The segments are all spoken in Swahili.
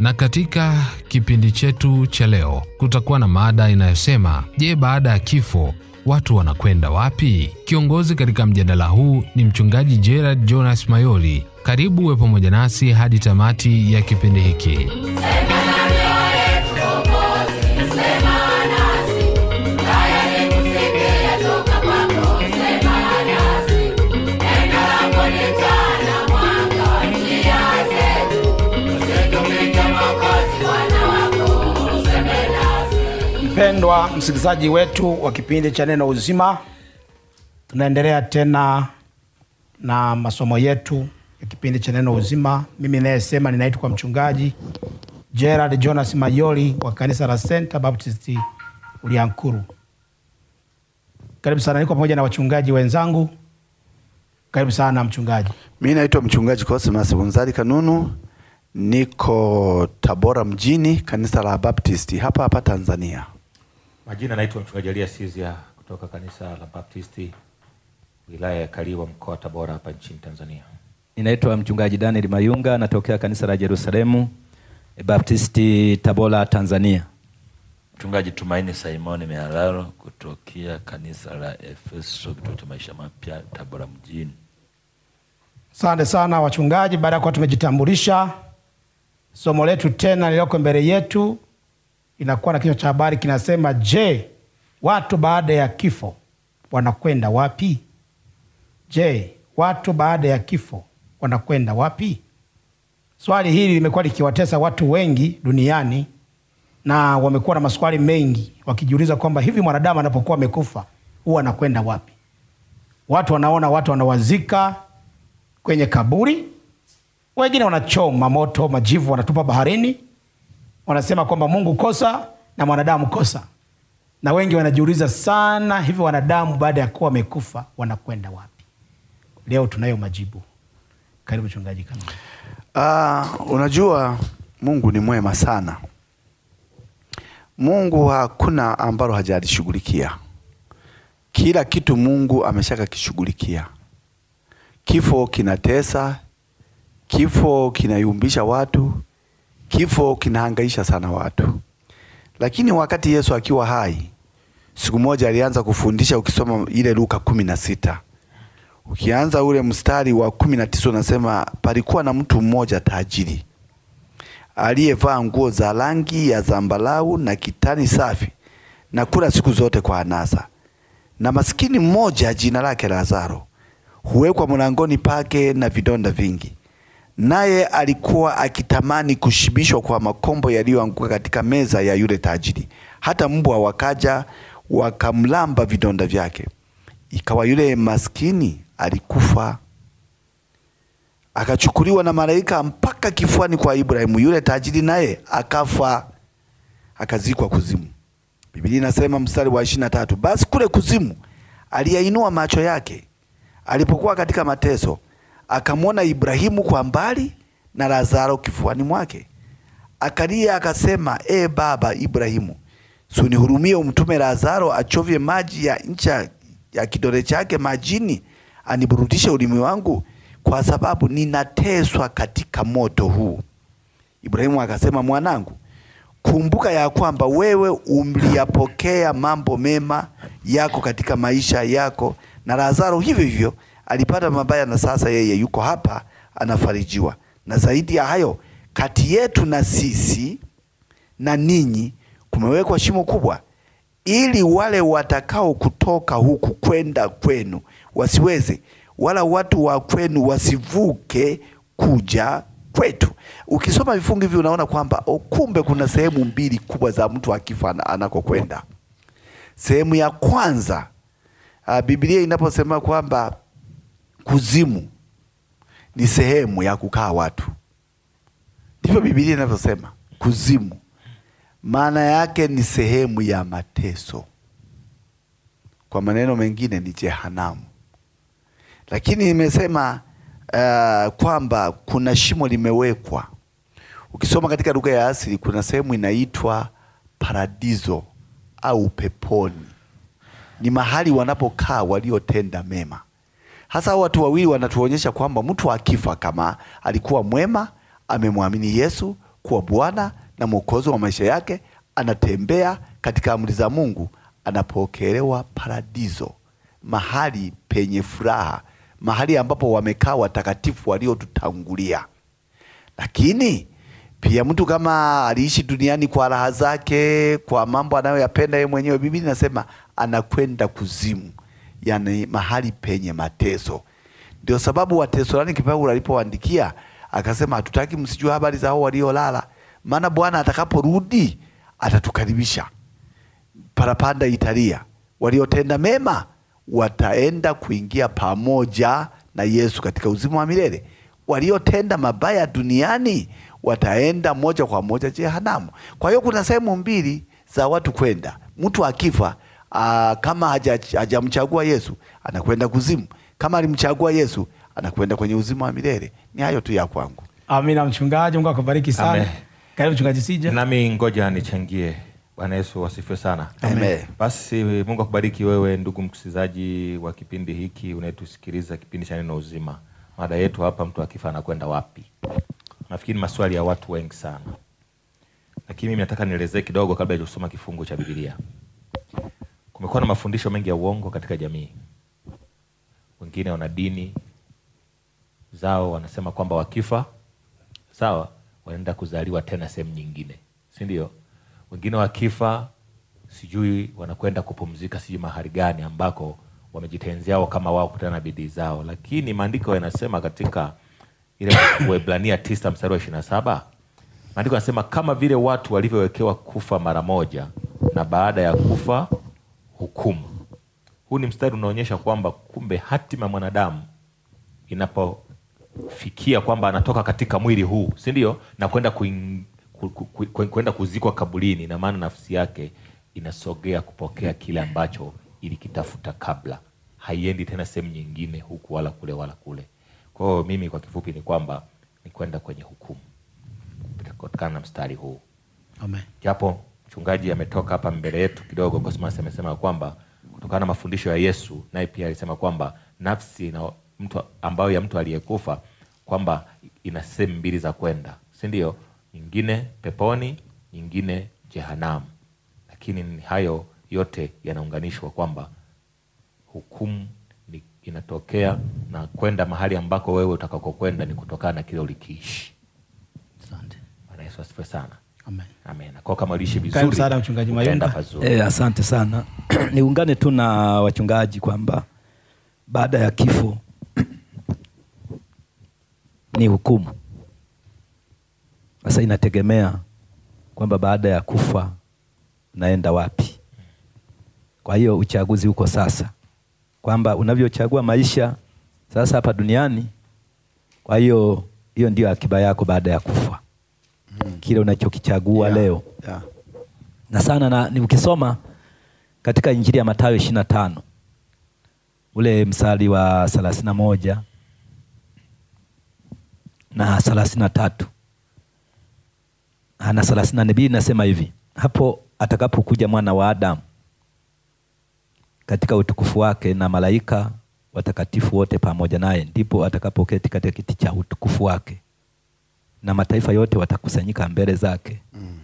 Na katika kipindi chetu cha leo kutakuwa na mada inayosema, je, baada ya kifo watu wanakwenda wapi? Kiongozi katika mjadala huu ni mchungaji Gerard Jonas Mayoli. Karibu we pamoja nasi hadi tamati ya kipindi hiki. Mpendwa msikilizaji wetu wa kipindi cha Neno Uzima, tunaendelea tena na masomo yetu ya kipindi cha Neno Uzima. Mimi nayesema ninaitwa kwa Mchungaji Gerald Jonas Mayoli wa kanisa la Senta Baptist Uliankuru. Karibu sana, niko pamoja na wachungaji wenzangu. Karibu sana mchungaji. Mi naitwa mchungaji Cosmas Bunzali Kanunu, niko Tabora mjini, kanisa la Baptisti hapa hapa Tanzania. Majina naitwa mchungaji Elias Sizia kutoka kanisa la Baptisti wilaya ya Kaliwa mkoa wa Tabora hapa nchini Tanzania. Ninaitwa mchungaji Daniel Mayunga natokea kanisa la Yerusalemu Baptisti Tabora Tanzania. Mchungaji Tumaini Simoni Mehalalo kutokea kanisa la Efeso Kitete Maisha Mapya Tabora mjini. Asante sana wachungaji, baada ya kuwa tumejitambulisha, somo letu tena lililoko mbele yetu inakuwa na kichwa cha habari kinasema, je, watu baada ya kifo wanakwenda wapi? Je, watu baada ya kifo wanakwenda wapi? Swali hili limekuwa likiwatesa watu wengi duniani na wamekuwa na maswali mengi wakijiuliza kwamba hivi mwanadamu anapokuwa amekufa huwa anakwenda wapi? Watu wanaona watu wanawazika kwenye kaburi, wengine wanachoma moto majivu wanatupa baharini wanasema kwamba Mungu kosa na mwanadamu kosa, na wengi wanajiuliza sana, hivyo wanadamu baada ya kuwa wamekufa wanakwenda wapi? Leo tunayo majibu. Karibu mchungaji. Uh, unajua Mungu ni mwema sana. Mungu hakuna ambalo hajalishughulikia. Kila kitu Mungu ameshaka kishughulikia. Kifo kinatesa, kifo kinayumbisha watu, Kifo kinahangaisha sana watu, lakini wakati Yesu akiwa hai, siku moja alianza kufundisha. Ukisoma ile Luka kumi na sita ukianza ule mstari wa kumi na tisa unasema, palikuwa na mtu mmoja tajiri aliyevaa nguo za rangi ya zambalau na kitani safi na kula siku zote kwa anasa, na masikini mmoja jina lake Lazaro huwekwa mlangoni pake na vidonda vingi naye alikuwa akitamani kushibishwa kwa makombo yaliyoanguka katika meza ya yule tajiri. Hata mbwa wakaja wakamlamba vidonda vyake. Ikawa yule maskini alikufa, akachukuliwa na malaika mpaka kifuani kwa Ibrahimu. Yule tajiri naye akafa, akazikwa kuzimu. Biblia inasema mstari wa ishirini na tatu, basi kule kuzimu aliyainua macho yake alipokuwa katika mateso akamwona Ibrahimu kwa mbali na Lazaro kifuani mwake. Akalia akasema, e baba Ibrahimu, sunihurumie, umtume Lazaro achovye maji ya ncha ya kidole chake majini, aniburudishe ulimi wangu, kwa sababu ninateswa katika moto huu. Ibrahimu akasema, mwanangu, kumbuka ya kwamba wewe umliyapokea mambo mema yako katika maisha yako, na Lazaro hivyo hivyo alipata mabaya na sasa yeye yuko hapa anafarijiwa. Na zaidi ya hayo, kati yetu na sisi na ninyi kumewekwa shimo kubwa, ili wale watakao kutoka huku kwenda kwenu wasiweze, wala watu wa kwenu wasivuke kuja kwetu. Ukisoma vifungu hivi unaona kwamba oh, kumbe kuna sehemu mbili kubwa za mtu akifa anakokwenda. Sehemu ya kwanza ah, Biblia inaposema kwamba kuzimu ni sehemu ya kukaa watu, ndivyo Biblia inavyosema. Kuzimu maana yake ni sehemu ya mateso, kwa maneno mengine ni jehanamu. Lakini imesema uh, kwamba kuna shimo limewekwa. Ukisoma katika lugha ya asili kuna sehemu inaitwa paradizo au peponi, ni mahali wanapokaa waliotenda mema. Hasa watu wawili wanatuonyesha kwamba mtu akifa kama alikuwa mwema, amemwamini Yesu kuwa Bwana na Mwokozi wa maisha yake, anatembea katika amri za Mungu, anapokelewa paradizo mahali penye furaha, mahali ambapo wamekaa watakatifu waliotutangulia. Lakini pia mtu kama aliishi duniani kwa raha zake, kwa mambo anayoyapenda yeye mwenyewe, Biblia inasema anakwenda kuzimu yani mahali penye mateso. Ndio sababu Watesalonike Paulo alipoandikia akasema, hatutaki msijue habari za hao waliolala, maana Bwana atakaporudi atatukaribisha parapanda italia, waliotenda mema wataenda kuingia pamoja na Yesu katika uzima wa milele, waliotenda mabaya duniani wataenda moja kwa moja jehanamu. Kwa hiyo kuna sehemu mbili za watu kwenda. Mtu akifa Aa, ah, kama hajamchagua haja Yesu anakwenda kuzimu, kama alimchagua Yesu anakwenda kwenye uzima wa milele. Ni hayo tu ya kwangu. Amina mchungaji, Mungu akubariki sana. Karibu mchungaji Sija. Nami ngoja nichangie. Bwana Yesu wasifiwe sana. Amen. Basi Mungu akubariki wewe ndugu msikilizaji wa kipindi hiki unayetusikiliza kipindi cha Neno Uzima. Mada yetu hapa, mtu akifa anakwenda wapi? Nafikiri maswali ya watu wengi sana, lakini mimi nataka nielezee kidogo kabla ya kusoma kifungu cha Biblia. Kumekuwa na mafundisho mengi ya uongo katika jamii. Wengine wana dini zao wanasema kwamba wakifa sawa, wanaenda kuzaliwa tena sehemu nyingine, sindio Wengine wakifa sijui wanakwenda kupumzika sijui mahali gani ambako wamejitenzea kama wao kutana na bidii zao, lakini maandiko yanasema katika ile Waebrania tisa mstari wa ishirini na saba maandiko yanasema kama vile watu walivyowekewa kufa mara moja na baada ya kufa hukumu. Huu ni mstari unaonyesha kwamba kumbe hatima ya mwanadamu inapofikia kwamba anatoka katika mwili huu, si ndio, na kwenda ku, ku, ku, kwenda kuzikwa kabulini, na maana nafsi yake inasogea kupokea kile ambacho ilikitafuta kabla, haiendi tena sehemu nyingine huku wala kule wala kule. Kwa hiyo mimi kwa kifupi ni kwamba ni kwenda kwenye hukumu kutokana na mstari huu Amen. Japo mchungaji ametoka hapa mbele yetu kidogo, Cosmas amesema kwamba kutokana na mafundisho ya Yesu, naye pia alisema kwamba nafsi na mtu ambayo ya mtu aliyekufa kwamba ina sehemu mbili za kwenda, si ndio? Nyingine peponi, nyingine jehanamu. Lakini hayo yote yanaunganishwa kwamba hukumu inatokea na kwenda mahali ambako wewe utakakokwenda ni kutokana na kile ulikiishi. Asante. Bwana Yesu asifiwe sana. Amen. Eh, asante sana. Niungane tu na wachungaji kwamba baada ya kifo ni hukumu. Sasa inategemea kwamba baada ya kufa naenda wapi. Kwa hiyo uchaguzi uko sasa, kwamba unavyochagua maisha sasa hapa duniani. Kwa hiyo hiyo ndio akiba yako baada ya kufa kile unachokichagua yeah, leo yeah. Na sana na, ni ukisoma katika Injili ya Mathayo ishirini na tano ule msali wa thelathini na moja na thelathini na tatu na thelathini na mbili nasema hivi hapo atakapokuja mwana wa Adamu katika utukufu wake na malaika watakatifu wote pamoja naye, ndipo atakapoketi katika kiti cha utukufu wake na mataifa yote watakusanyika mbele zake mm.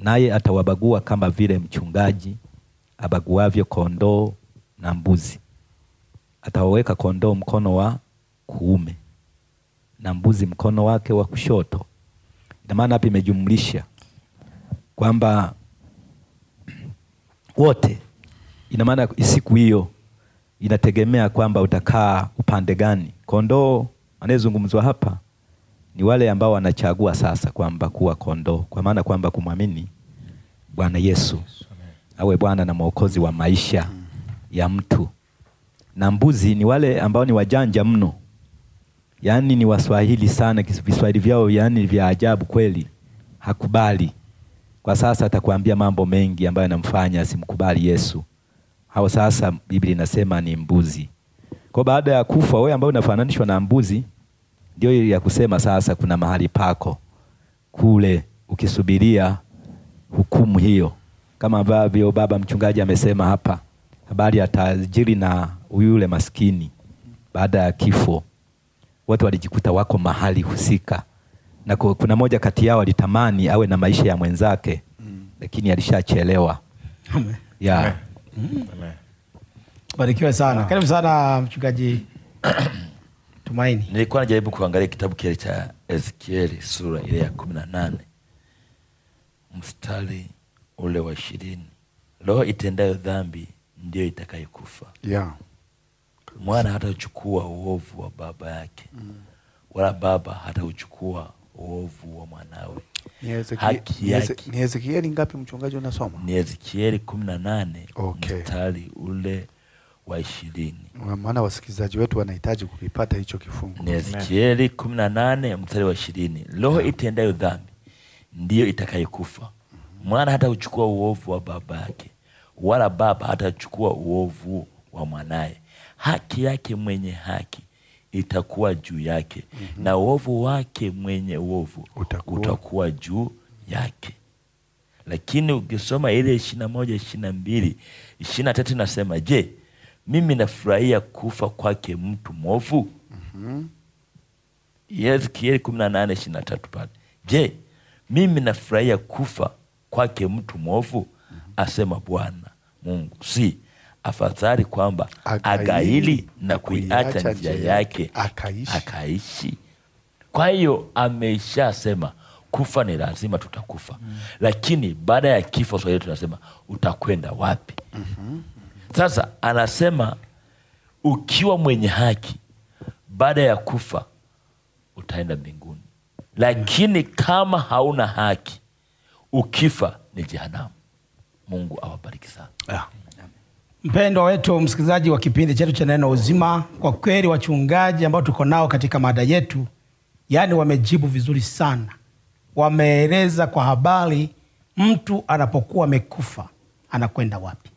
naye atawabagua kama vile mchungaji abaguavyo kondoo na mbuzi. Atawaweka kondoo mkono wa kuume na mbuzi mkono wake wa kushoto. Ina maana hapa imejumlisha kwamba wote, ina maana siku hiyo inategemea kwamba utakaa upande gani. Kondoo anayezungumzwa hapa ni wale ambao wanachagua sasa kwamba kuwa kondoo, kwa maana kwamba kumwamini Bwana Yesu awe Bwana na Mwokozi wa maisha ya mtu, na mbuzi ni wale ambao ni wajanja mno, yaani ni Waswahili sana, viswahili vyao yaani vya ajabu kweli. Hakubali kwa sasa, atakwambia mambo mengi ambayo yanamfanya asimkubali Yesu. Hao sasa Biblia inasema ni mbuzi. Kwa baada ya kufa, wewe ambao unafananishwa na mbuzi ndio hiyo ya kusema sasa kuna mahali pako kule ukisubiria hukumu hiyo, kama ambavyo baba mchungaji amesema hapa, habari ya tajiri na yule maskini. Baada ya kifo, watu walijikuta wako mahali husika, na kuna moja kati yao alitamani awe na maisha ya mwenzake mm. lakini alishachelewa. yeah. mm. Barikiwe sana, karibu sana mchungaji Tumaini. Nilikuwa najaribu kuangalia kitabu kile cha Ezekieli sura ile ya kumi na nane mstari ule wa ishirini roho itendayo dhambi ndiyo itakayokufa. Yeah. Mwana uchukua uovu wa baba yake mm. wala baba hata uchukua uovu wa mwanawe. Ni Ezekieli ngapi mchungaji unasoma? Ni Ezekieli kumi na nane okay. mstari ule wa ishirini. Maana wasikilizaji wetu wanahitaji kukipata hicho kifungu. Ni Ezekieli kumi na nane mstari wa ishirini. Roho itendayo dhambi ndiyo itakayokufa. Mwana hata uchukua uovu wa baba yake, wala baba hatachukua uovu wa mwanaye. Haki yake mwenye haki itakuwa juu yake, mm -hmm. na uovu wake mwenye uovu utakuwa, utakuwa juu yake. Lakini ukisoma ile ishirini na moja ishirini na mbili ishirini na tatu inasema je, mimi nafurahia kufa kwake mtu mwovu? mm -hmm. Ezekieli kumi na nane ishirini na tatu pale. Je, mimi nafurahia kufa kwake mtu mwovu? mm -hmm. Asema Bwana Mungu, si afadhali kwamba agaili na kuiacha njia yake akaishi, akaishi. Kwa hiyo ameshasema kufa ni lazima tutakufa. mm -hmm. Lakini baada ya kifo Swahili tunasema utakwenda wapi? mm -hmm. Sasa anasema ukiwa mwenye haki baada ya kufa utaenda mbinguni, lakini kama hauna haki ukifa ni jehanamu. Mungu awabariki sana yeah. Mpendwa wetu msikilizaji wa kipindi chetu cha Neno Uzima, kwa kweli wachungaji ambao tuko nao katika mada yetu, yaani wamejibu vizuri sana, wameeleza kwa habari mtu anapokuwa amekufa anakwenda wapi.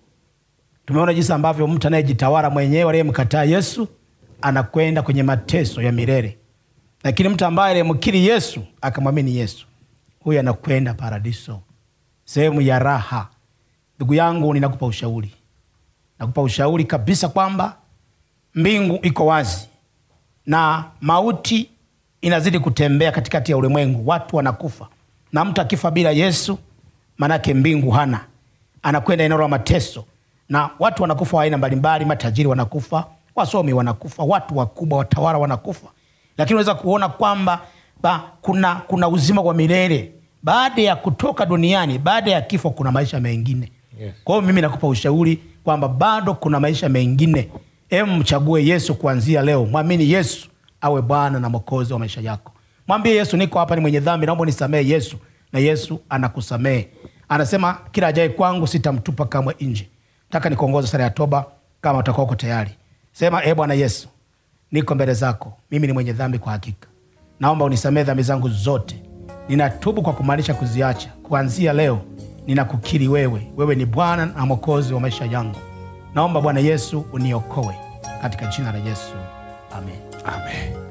Tumeona jinsi ambavyo mtu anayejitawala mwenyewe aliyemkataa Yesu anakwenda kwenye mateso ya milele, lakini mtu ambaye aliyemkiri Yesu akamwamini Yesu, huyu anakwenda paradiso, sehemu ya raha. Ndugu yangu, ninakupa ushauri, nakupa ushauri kabisa kwamba mbingu iko wazi na mauti inazidi kutembea katikati ya ulimwengu, watu wanakufa, na mtu akifa bila Yesu, maanake mbingu hana, anakwenda eneo la mateso na watu wanakufa wa aina mbalimbali, matajiri wanakufa, wasomi wanakufa, watu wakubwa, watawala wanakufa, lakini unaweza kuona kwamba ba, kuna, kuna uzima wa milele baada ya kutoka duniani. Baada ya kifo kuna maisha mengine yes. Kwa hiyo mimi nakupa ushauri kwamba bado kuna maisha mengine. Em, mchague Yesu kuanzia leo, mwamini Yesu awe Bwana na Mwokozi wa maisha yako. Mwambie Yesu, niko hapa, ni mwenye dhambi, naomba nisamehe Yesu, na Yesu anakusamehe. Anasema kila ajaye kwangu sitamtupa kamwe nje. Nataka nikuongoze sala ya toba kama utakuwa uko tayari. Sema, e Bwana Yesu, niko mbele zako, mimi ni mwenye dhambi kwa hakika. Naomba unisamehe dhambi zangu zote, ninatubu kwa kumaanisha kuziacha. Kuanzia leo ninakukiri wewe, wewe ni Bwana na Mwokozi wa maisha yangu. Naomba Bwana Yesu uniokoe, katika jina la Yesu, amen, amen.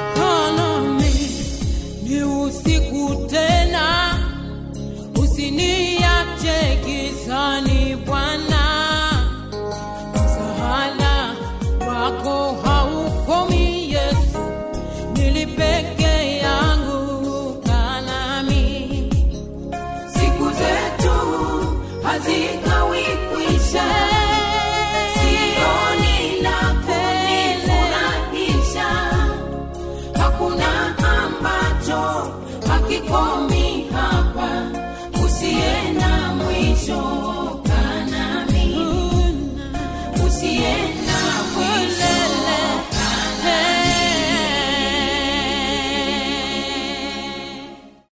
Nazi.